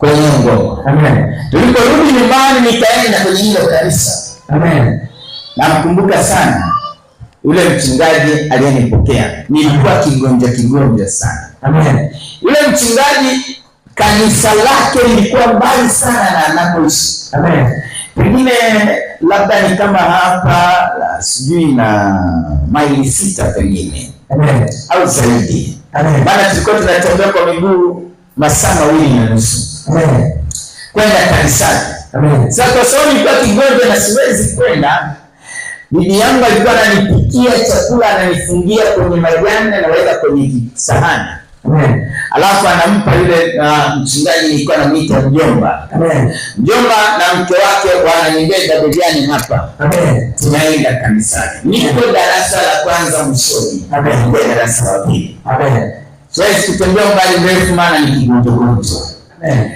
kwenye ngoma. Amen. Tuliporudi nyumbani, nikaenda kwenye hilo kanisa. Amen. sana yule mchungaji aliyenipokea, nilikuwa kigonja kigonja sana. Amen. Yule mchungaji kanisa lake lilikuwa mbali sana na anapoishi. Amen. Pengine labda ni kama hapa sijui na maili sita pengine. Amen. Au zaidi. Amen. Maana tulikuwa tunatembea kwa miguu masaa mawili na nusu kwenda kanisani. Sasa kwa sababu nilikuwa kigonjwa na siwezi kwenda, bibi yangu alikuwa ananipikia chakula, ananifungia kwenye majani, naweza kwenye sahani alafu anampa yule ah, mchungaji, nilikuwa namwita mjomba. Mjomba na mke wake wananibeba begani hapa, tunaenda kanisani. Niko darasa la kwanza mwishoni, darasa la pili. Siwezi kutembea mbali mrefu, maana ni kigugumizo.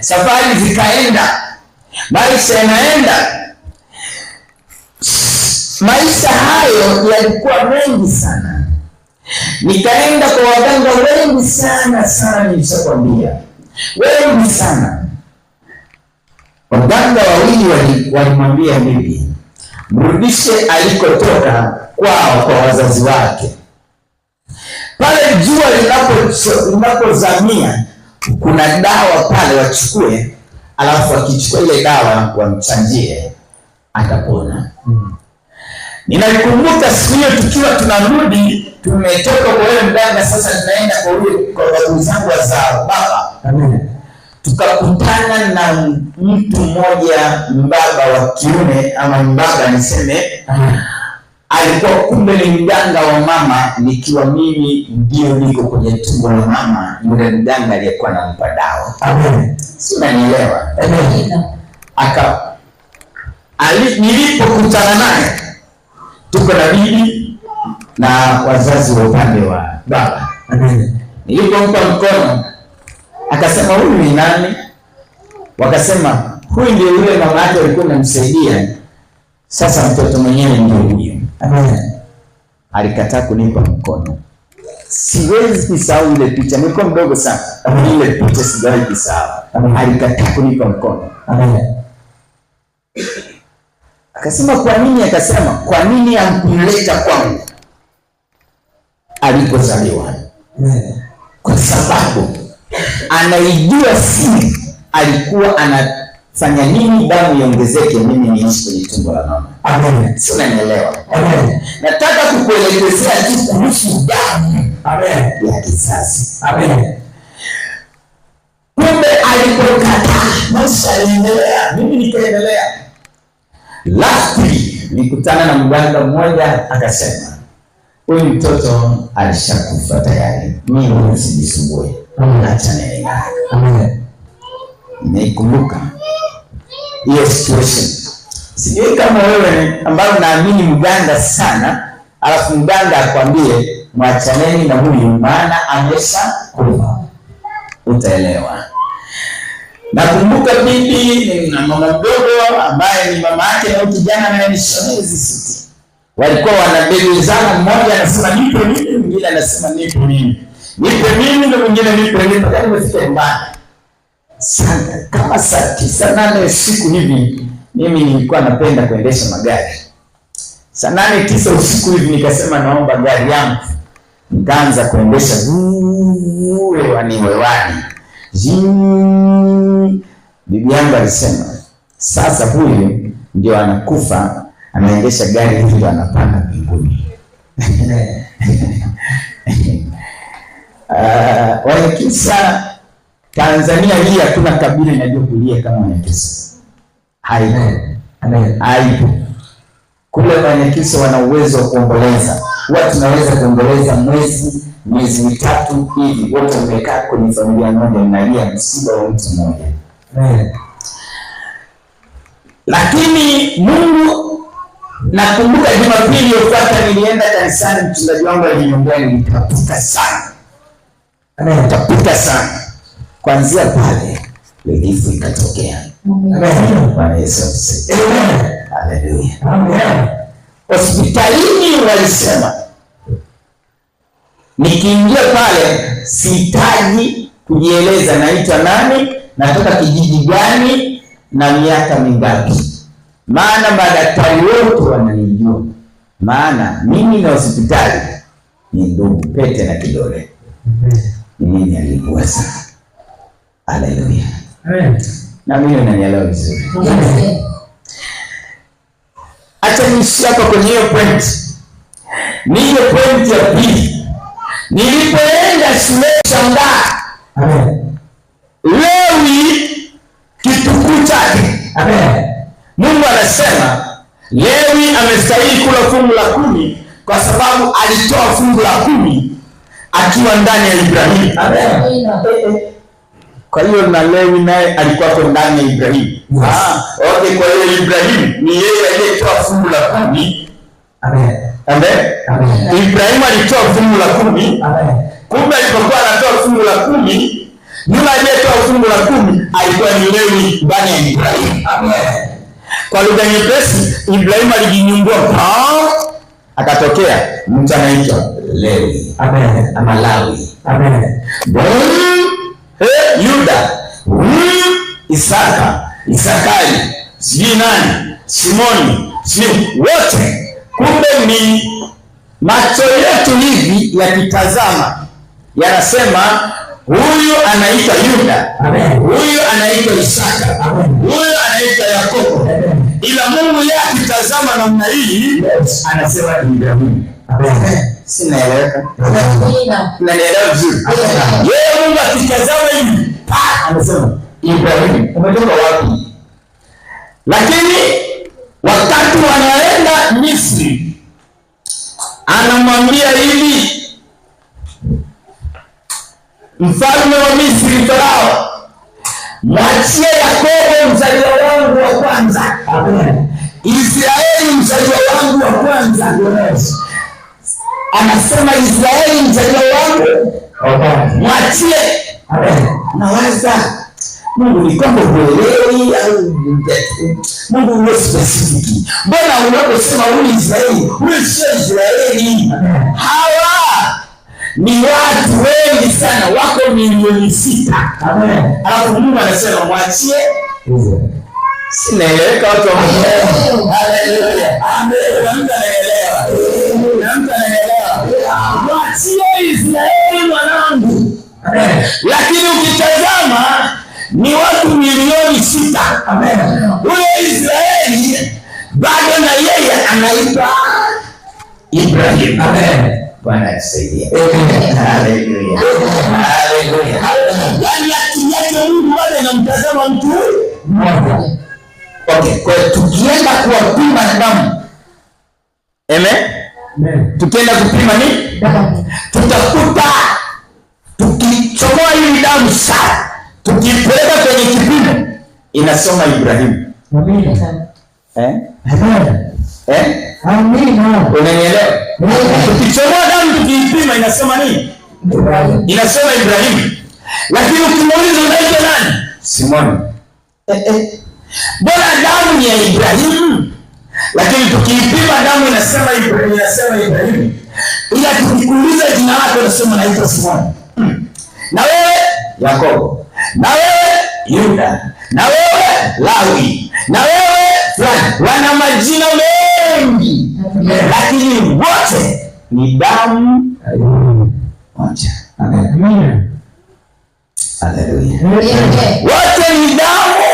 Safari zikaenda, maisha yanaenda. Maisha hayo yalikuwa mengi sana, nikaenda kwa waganga wengi sana sana, nilishakwambia wengi sana. Waganga wawili walimwambia bibi, mrudishe alikotoka kwao, kwa wazazi wake jua linapozamia kuna dawa pale, wachukue, alafu akichukua ile dawa wamchanjie atapona. Hmm. Ninaikumbuka siku hiyo tukiwa tunarudi, tumetoka kwa yule mganga, sasa tunaenda kwa yule kwa ndugu zangu wa zao baba. Amen. Tukakutana na mtu mmoja mbaba wa kiume ama mbaba niseme alikuwa kumbe ni mganga wa mama, nikiwa mimi ndio niko kwenye tumbo la mama, yule mganga aliyekuwa anampa dawa. Amen, si unanielewa? Aka nilipokutana naye, tuko na bibi na wazazi wa upande wa baba, nilipompa mkono akasema huyu ni nani? Wakasema huyu ndio yule mama yake alikuwa anamsaidia, sasa mtoto mwenyewe ndio huyo. Amen. Alikataa kunipa mkono. Siwezi kusahau ile picha, niko mdogo sana, ile picha sijawahi kusahau. Alikataa kunipa mkono. Amen. Akasema kwa nini? Akasema kwa nini hamkumleta kwangu alipozaliwa? Kwa sababu anaijua siri, alikuwa ana Fanya nini damu iongezeke, mimi niishi kwenye tumbo la mama? Amen. Sio, Amen. Nataka kukuelekezea tu kuhusu damu Amen ya kizazi. Amen. Kumbe alipokataa maisha yaliendelea, mimi nikaendelea. Lasti nikutana na mganga mmoja akasema, huyu mtoto alishakufa tayari, mimi sijisumbue, acha Amen. Nikumbuka hiyo situation. Sijui kama wewe ambayo naamini mganga sana, alafu mganga akwambie mwachaneni na huyu, maana amesha kufa, utaelewa. Nakumbuka bibi na mama mdogo ambaye ni mama yake na kijana naye ni shemeji siti, walikuwa wanabebezana, mmoja anasema nipo mimi, mwingine anasema nipo mimi, nipo mimi, na mwingine nipe mimi, mpaka imefika mbali sana kama saa tisa nane usiku hivi, mimi nilikuwa napenda kuendesha magari. Saa nane tisa usiku hivi nikasema naomba gari yangu, nikaanza kuendesha hewani hewani. Bibi yangu alisema sasa, huyu ndio anakufa anaendesha gari hili, ndio anapanda mbinguni. Uh, ah, wanakisa Tanzania hii hakuna kabila inajua kulia kama Wanyakyusa, haipo, haipo. Kule Wanyakyusa wana uwezo wa kuomboleza, huwa tunaweza kuomboleza mwezi miezi mitatu hivi, wote wamekaa kwenye familia moja, mnalia msiba wa mtu mmoja. Lakini Mungu, nakumbuka Jumapili iliyofuata nilienda kanisani, mchungaji wangu aliniombea, nilitapuka sana, nilitapuka sana Kuanzia pale relifu ikatokea. Hospitalini walisema nikiingia pale sihitaji kujieleza, naitwa nani, natoka kijiji gani na miaka mingapi, maana madaktari wote wananijua, maana mimi na hospitali ni ndugu, pete na kidole. Mimi nilikuwa sana Haleluya. Na mimi unanielewa vizuri. Acha niishie hapa kwenye hiyo point. Nije point ya pili. Nilipoenda shule shangaa. Amen. Lewi kitukuu chake. Amen. Mungu anasema Lewi amestahili kula fungu la kumi kwa sababu alitoa fungu la kumi akiwa ndani ya Ibrahimu. Amen. Kwa hiyo na Lewi naye alikuwa kwa ndani ya Ibrahimu. Yes. Ah, okay, kwa hiyo Ibrahimu ni yeye aliyetoa fungu la kumi. Amen. Amen. Amen. Ibrahimu alitoa fungu la kumi. Amen. Kumbe alipokuwa anatoa fungu la kumi, yule aliyetoa fungu la kumi alikuwa ni Lewi ndani ya Ibrahimu. Amen. Kwa lugha nyepesi, Ibrahimu alijinyumbua pa akatokea mtu anaitwa Lewi. Amen. Amalawi. Lawi. Amen. Amen. Eh, Yuda huyu Isaka Isakari sijui nani Simoni sijui wote, kumbe ni macho yetu hivi yakitazama yanasema huyu anaitwa Yuda, huyu anaitwa Isaka, huyu anaitwa Yakobo, ila Mungu yeye akitazama namna hii yes, anasema ni Ibrahimu. Amen. Ah, Lakini wakati wanaenda Misri, anamwambia hivi mfalme wa Misri Farao, mwachie Yakobo mzaliwa wangu wa kwanza, Israeli mzaliwa wangu wa kwanza anasema Israeli mtajio wangu, mwachie. Nawaza Mungu ni kwamba huelewi au Mungu uwe spesifiki. Mbona unaposema huyu Israeli, huyu sio Israeli. Hawa ni watu wengi sana, wako milioni sita, alafu Mungu anasema mwachie. Sinaeleweka, watu wa Mungu. Haleluya, amen, wanaelewa sio Israeli mwanangu, lakini ukitazama ni watu milioni sita. Huyo Israeli bado na yeye anaitwa Ibrahim. Amen. Bwana atusaidie. Haleluya, haleluya. Yani akili yake Mungu bado inamtazama mtu mmoja. Okay, kwa tukienda kuwapima damu. Amen. Tukienda kupima ni tutakuta, tukichomoa hili damu sana, tukipeleka kwenye kipimo inasoma Ibrahimu. Eh? eh? Unanielewa? Tukichomoa damu tukiipima inasoma nini? Inasoma Ibrahimu. Lakini ukimuuliza unaitwa nani? Simoni. Eh, eh. Bora damu ni ya Ibrahimu lakini tukiipima damu inasema Ibrahimu, inasema Ibrahimu, ila tukikuuliza jina lake unasema naitwa Simoni, na wewe Yakobo, na wewe Yuda, na wewe Lawi, na wewe wana majina mengi, lakini wote ni damu moja. Haleluya, wote ni damu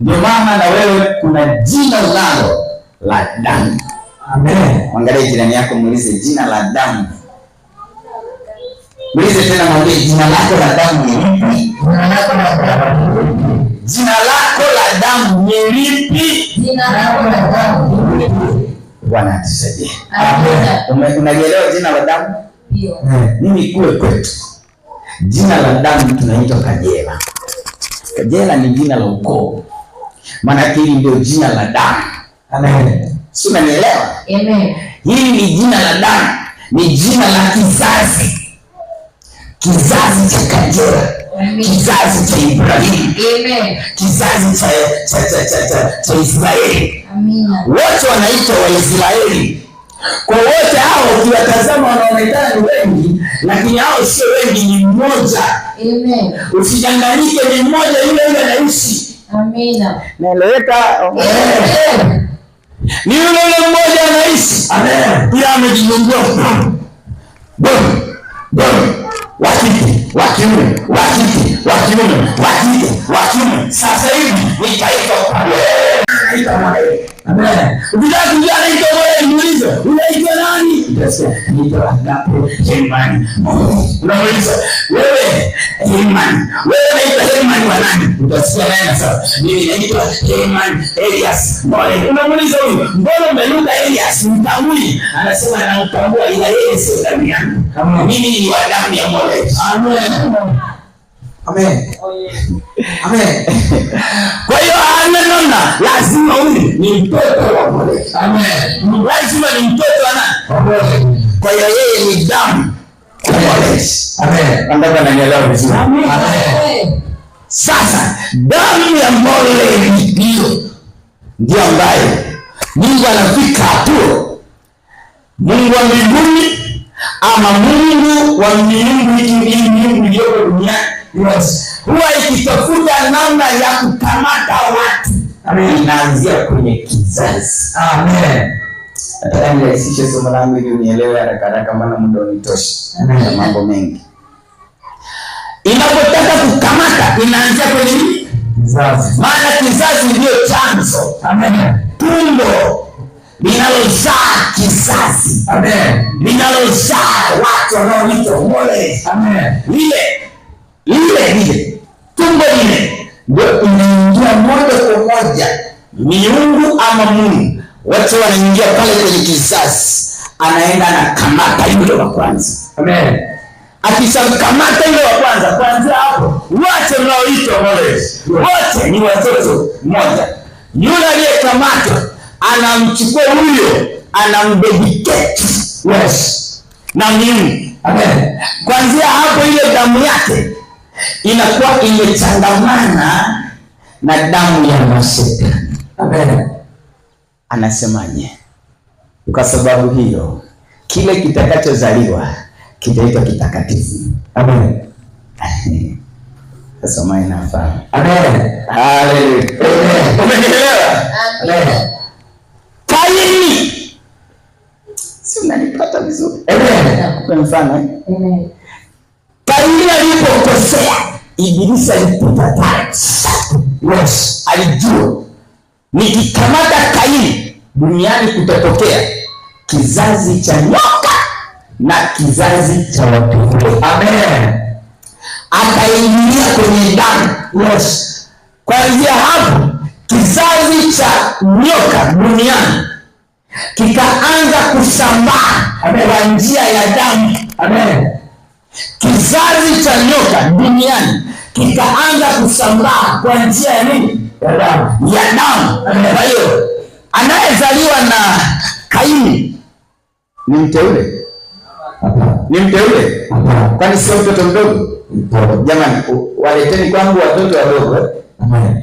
ndio maana na wewe kuna jina lalo la damu. Amen. Angalia jirani yako, muulize jina la damu. Muulize tena, mwambie jina lako la damu ni lipi? Jina lako la damu ni lipi? Jina lako la damu ni lipi? Bwana atusaidie. Amen. Unalielewa jina la damu? Ndio. Mimi kule kwetu jina la damu tunaitwa Kajela. Kajela ni jina la ukoo maana hili ndio jina la damu. Amen. Si unanielewa? Amen. Hili ni jina la damu, ni jina la kizazi, kizazi cha Kajora, kizazi cha Ibrahimu, kizazi cha cha cha cha cha cha Israeli. Amina. Wote wanaitwa Waisraeli. Kwa wote hao ukiwatazama wanaonekana ni wengi, lakini hao sio wengi, ni mmoja. Amen. Usidanganyike, ni mmoja yule yule anaishi Amina. Naeleweka? Ni yule yule mmoja anaishi. Amen. Bila amejizungua wa kike, wa kiume, wa Sasa hivi ni taifa anaitwa Mwanawe. Amen. Ukitaka kujua anaitwa Mwanawe, muulize unaitwa nani? Yesu anaitwa Dapo Hemani. Oh, unauliza wewe Hemani, wewe unaitwa Hemani wa nani? Utasikia naye sasa, mimi naitwa Hemani Elias Mwanawe. Unamuuliza huyu, mbona umeluka Elias mtambui? Anasema anamtambua, ila yeye sio damu yangu, mimi ni wa damu ya Mwanawe. Amen. Amen. Amen. Kwa hiyo ananona lazima huyu ni mtoto wa Amen. Lazima ni mtoto wa nani? Kwa hiyo yeye ni damu. Amen. Nataka nanielewa Amen. Sasa damu ya Moleki hiyo ndio ambayo Mungu anafika hapo. Mungu wa mbinguni ama Mungu wa miungu hii miungu iliyoko duniani yes. Huwa ikitafuta namna ya kukamata watu Inaanzia kwenye kizazi Amen. Nataka nirahisishe somo langu ili unielewe haraka haraka, maana muda unitoshi na mambo mengi. Inapotaka kukamata inaanzia kwenye kizazi, maana kizazi ndio chanzo tumbo linalozaa kizazi linalozaa watu wanaoitwa wale Ile lile lile tumbo lile ndio inaingia moja kwa moja miungu ama Mungu. Watu wanaingia pale kwenye kizazi, anaenda kamata yule wa kwanza. Amen. Akishamkamata yule wa kwanza, kwanza hapo wote mnaoitwa wale wote ni watoto moja. Yule aliyekamata anamchukua huyo, anambediketi yes na miungu Amen. Kwanzia hapo ile damu yake inakuwa imechangamana na damu ya mhusika. Amen. Anasemaje? Kwa sababu hiyo kile kitakachozaliwa kitaitwa kitakatifu. Amen. Sasa Amen. Haleluya. Umeelewa? Amen. Kaini. Si unanipata vizuri? Amen. Kwa mfano. Eh? Amen. Paulo alipokosea Ibilisi alipita yes, alijua nikikamata Kaini duniani kutatokea kizazi cha nyoka na kizazi cha wateule. Amen. Akaingilia kwenye damu yes. Kwanzia hapo kizazi cha nyoka duniani kikaanza kusambaa kwa njia ya damu. Amen. Kizazi cha nyoka duniani kitaanza kusambaa kwa njia ya nini? Ya damu, Kwa hiyo anayezaliwa na Kaini ni mteule? Ni mteule? Kwani sio mtoto mdogo? Jamani, waleteni kwangu watoto wadogo eh?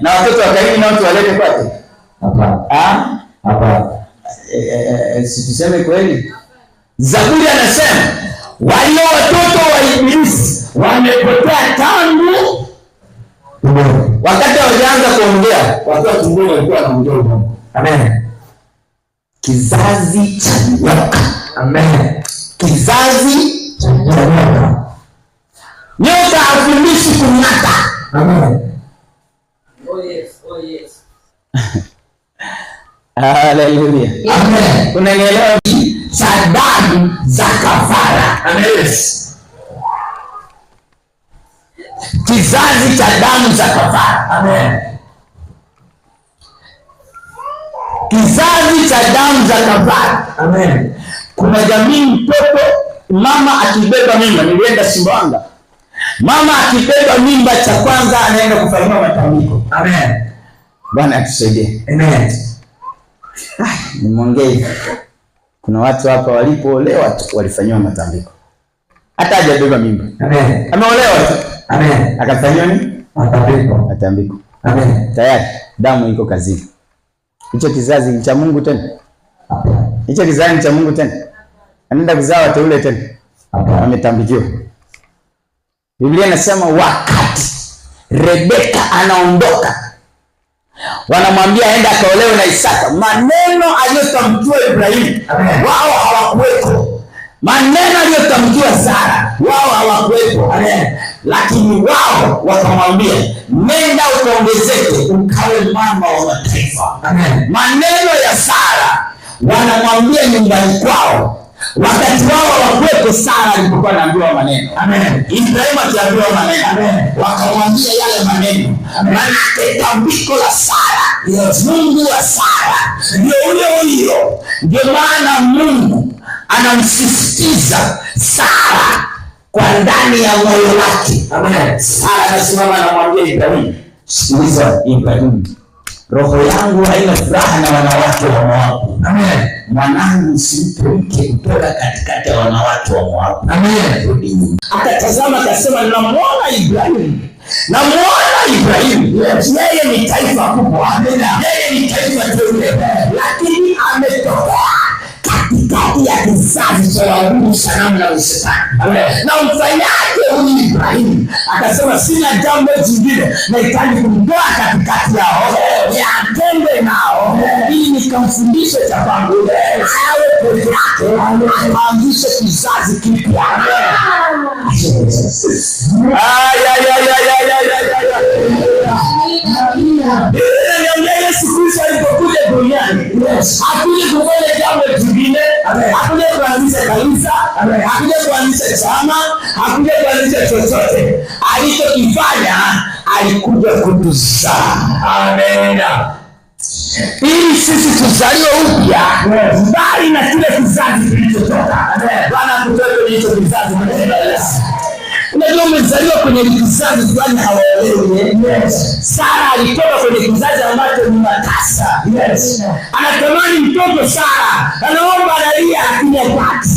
na watoto wa Kaini nao tuwalete kwake? Hapana, ah? eh, eh, tuseme kweli. Zaburi anasema walio watoto wa Ibilisi wamepotea tangu wakati hawajaanza kuongea, wakiwa tumboni walikuwa wanaongea uongo. Amen. Kizazi cha nyoka. Amen. Kizazi cha nyoka. Nyoka hafundishi kunyata. Amen. Oh yes, oh yes. Haleluya. Amen. Unanielewa? cha damu za kafara. Kizazi cha damu za kafara. Amen. Kizazi cha damu za kafara. Amen. Kuna jamii mtoto mama akibeba mimba, nilienda Simbanga, mama akibeba mimba, cha kwanza anaenda kufanyiwa matambiko. Amen. Bwana atusaidie. Amen. Ah, nimeongea kuna watu hapa walipoolewa walifanyiwa matambiko, hata hajabeba mimba, ameolewa tu akafanyiwa ni Matambiko, matambiko. Tayari damu iko kazini. Hicho kizazi ni cha Mungu tena? Hicho kizazi ni cha Mungu tena? Anaenda kuzaa wateule tena? Ametambikiwa. Biblia inasema wakati Rebeka anaondoka wanamwambia enda akaolewe na Isaka. Maneno aliyotamkiwa Ibrahimu wao hawakuwepo, maneno aliyotamkiwa Sara wao hawakuwepo, lakini wao wakamwambia nenda ukaongezeke ukawe mama wa mataifa. Maneno ya Sara wanamwambia nyumbani kwao wakati wao hawakuwepo. Sara alipokuwa anaambiwa maneno, Ibrahimu akiambiwa maneno, wakamwambia yale maneno. Manake tambiko la Sara, Mungu wa Sara ndio ule huyo. Ndio maana Mungu anamsisitiza Sara kwa ndani ya moyo wake. Sara anasimama anamwambia Ibrahimu, sikiliza Ibrahimu roho yangu haina furaha na wanawake wa Moabu. Amen. Mwanangu usimpe mke kutoka katikati ya wanawake wa Moabu. Amen. Akatazama akasema, namwona Ibrahimu, namwona Ibrahimu, yeye ni taifa kubwa, yeye ni taifa teule, lakini ametoka ndani ya kizazi cha waabudu sanamu na shetani. Na mfa huyu Ibrahimu akasema, sina jambo jingine nahitaji kumtoa katikati yao, yatende nao ili nikamfundishe cha kwangu, awe peke yake, aanzishe kizazi kipya. Yesu Kristo duniani hakuja kufanya jambo jingine, hakuja kuanzisha kanisa, hakuja kuanzisha chama, hakuja kuanzisha chochote. Alichokifanya alikuja kutuzaa. Amina ili sisi tuzaliwe upya mbali na kile kizazi kilichotoka. Bwana kutoka kwenye hicho kizazi Unajua umezaliwa kwenye kizazi fulani, hawaelewi. Sara alitoka kwenye kizazi ambacho ni matasa, anatamani mtoto. Sara anaomba, analia, lakini hapati.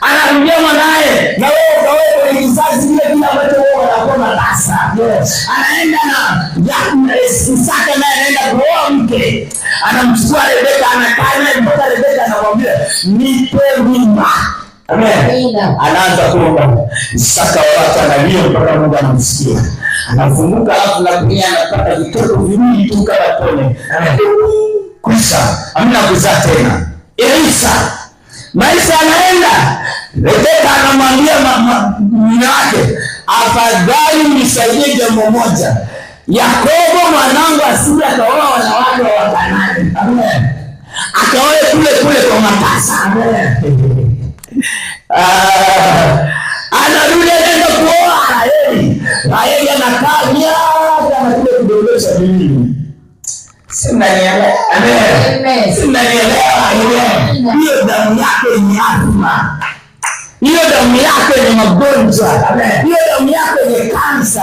Anarudia mwanaye, na wewe ukawe kwenye kizazi kile kile ambacho wao wanakuwa matasa. Anaenda na Isaka, naye anaenda kuoa mke, anamchukua Rebeka, anakaa naye mpaka Rebeka anamwambia nipe mimba anaanza kuomba saka watu analia mpaka Mungu anamsikia, anafunguka alafu na kunia anapata vitoto viwili tu kama tone, kuisha amna kuzaa tena. Elisa maisha anaenda, Rebeka anamwambia mume wake, afadhali nisaidie jambo moja, Yakobo mwanangu asije akaoa wanawake wa Kanaani, akaoe kule kule kwa matasa Amen. Ah, anarudi anaenda kuoa yeye anakaa miaka anakuja kudondosha mimi simnanielewa hiyo damu yake ni azma hiyo damu yako yenye magonjwa, hiyo damu yako yenye kansa,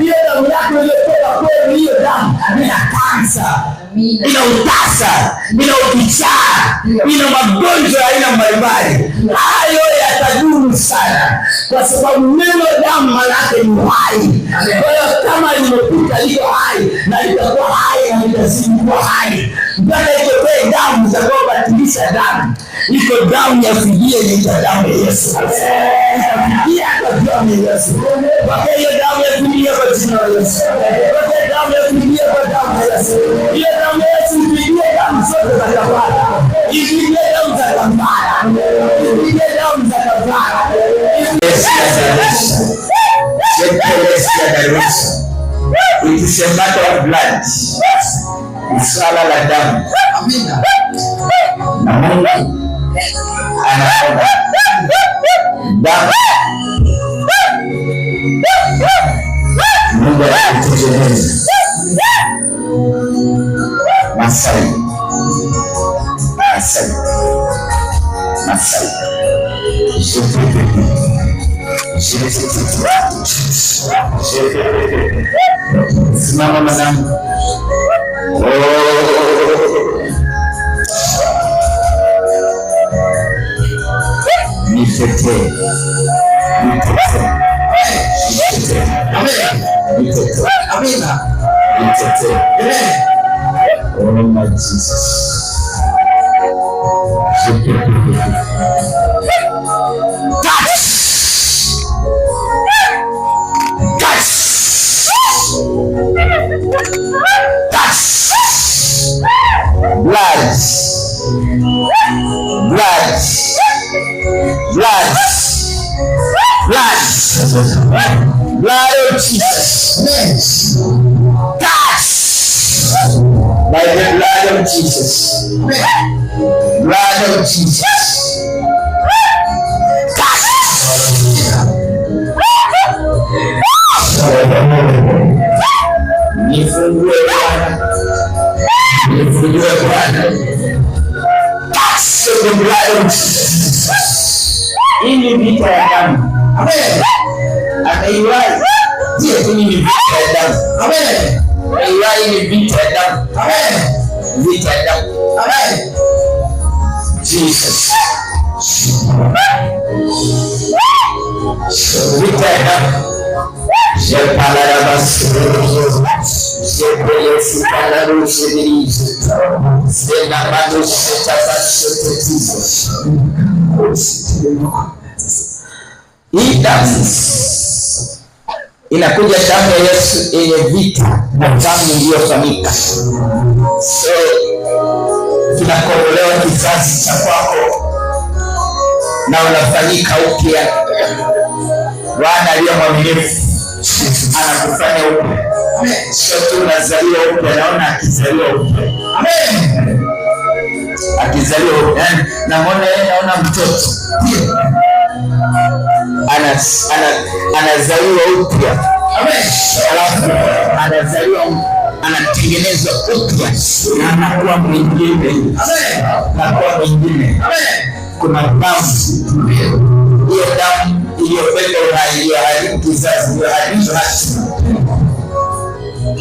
hiyo damu yako iliyotoka kwenu, hiyo damu ina kansa, ina utasa, ina ukichaa, ina magonjwa ya aina mbalimbali. Hayo yatadumu sana, kwa sababu neno damu maana yake ni uhai. Kwa hiyo kama limepita liko hai na litakuwa hai na litazidi kuwa hai mpaka itokee damu za kuwabatilisha damu Niko down ya fidia yenye damu ya Yesu. Fidia kwa damu ya Yesu. Waka hiyo damu ya fidia kwa jina la Yesu. Waka damu ya fidia kwa damu ya Yesu. Hiyo damu ya Yesu fidia damu zote za kafara. Ifidia damu za kafara. Ifidia damu za kafara. Utusembako wa blood. Usala la damu. Amina. Na Mungu Dá. Muda a atitude Nasceu. Nasceu. Nasceu. Jesus. Jesus. Não, não, não. today. Hii ni vita ya damu. Amen. Akaiwahi. Je, hii ni vita ya damu. Amen. Akaiwahi ni vita ya damu. Amen. Vita ya damu. Amen. Jesus. Vita ya damu. Je, pala la basi. Hii damu inakuja damu ya Yesu yenye vita na damu iliyofanyika, so kinakombolewa kizazi cha kwako na unafanyika upya. Bwana aliye mwaminifu anakufanya upya sio tu unazaliwa upya, naona akizaliwa upya, akizaliwa upya, yaani, naona yeye, naona mtoto anazaliwa upya, alafu anazaliwa anatengenezwa upya na anakuwa mwingine, anakuwa mwingine. Kuna damu, hiyo damu iliyobeba uhai, iliyoharibu kizazi, iliyoharibu hatima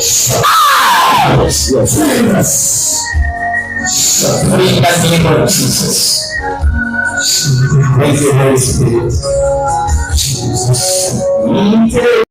Yes, Yes, yes, yes. Pray in the name of Jesus. Thank you, Holy Spirit. Jesus.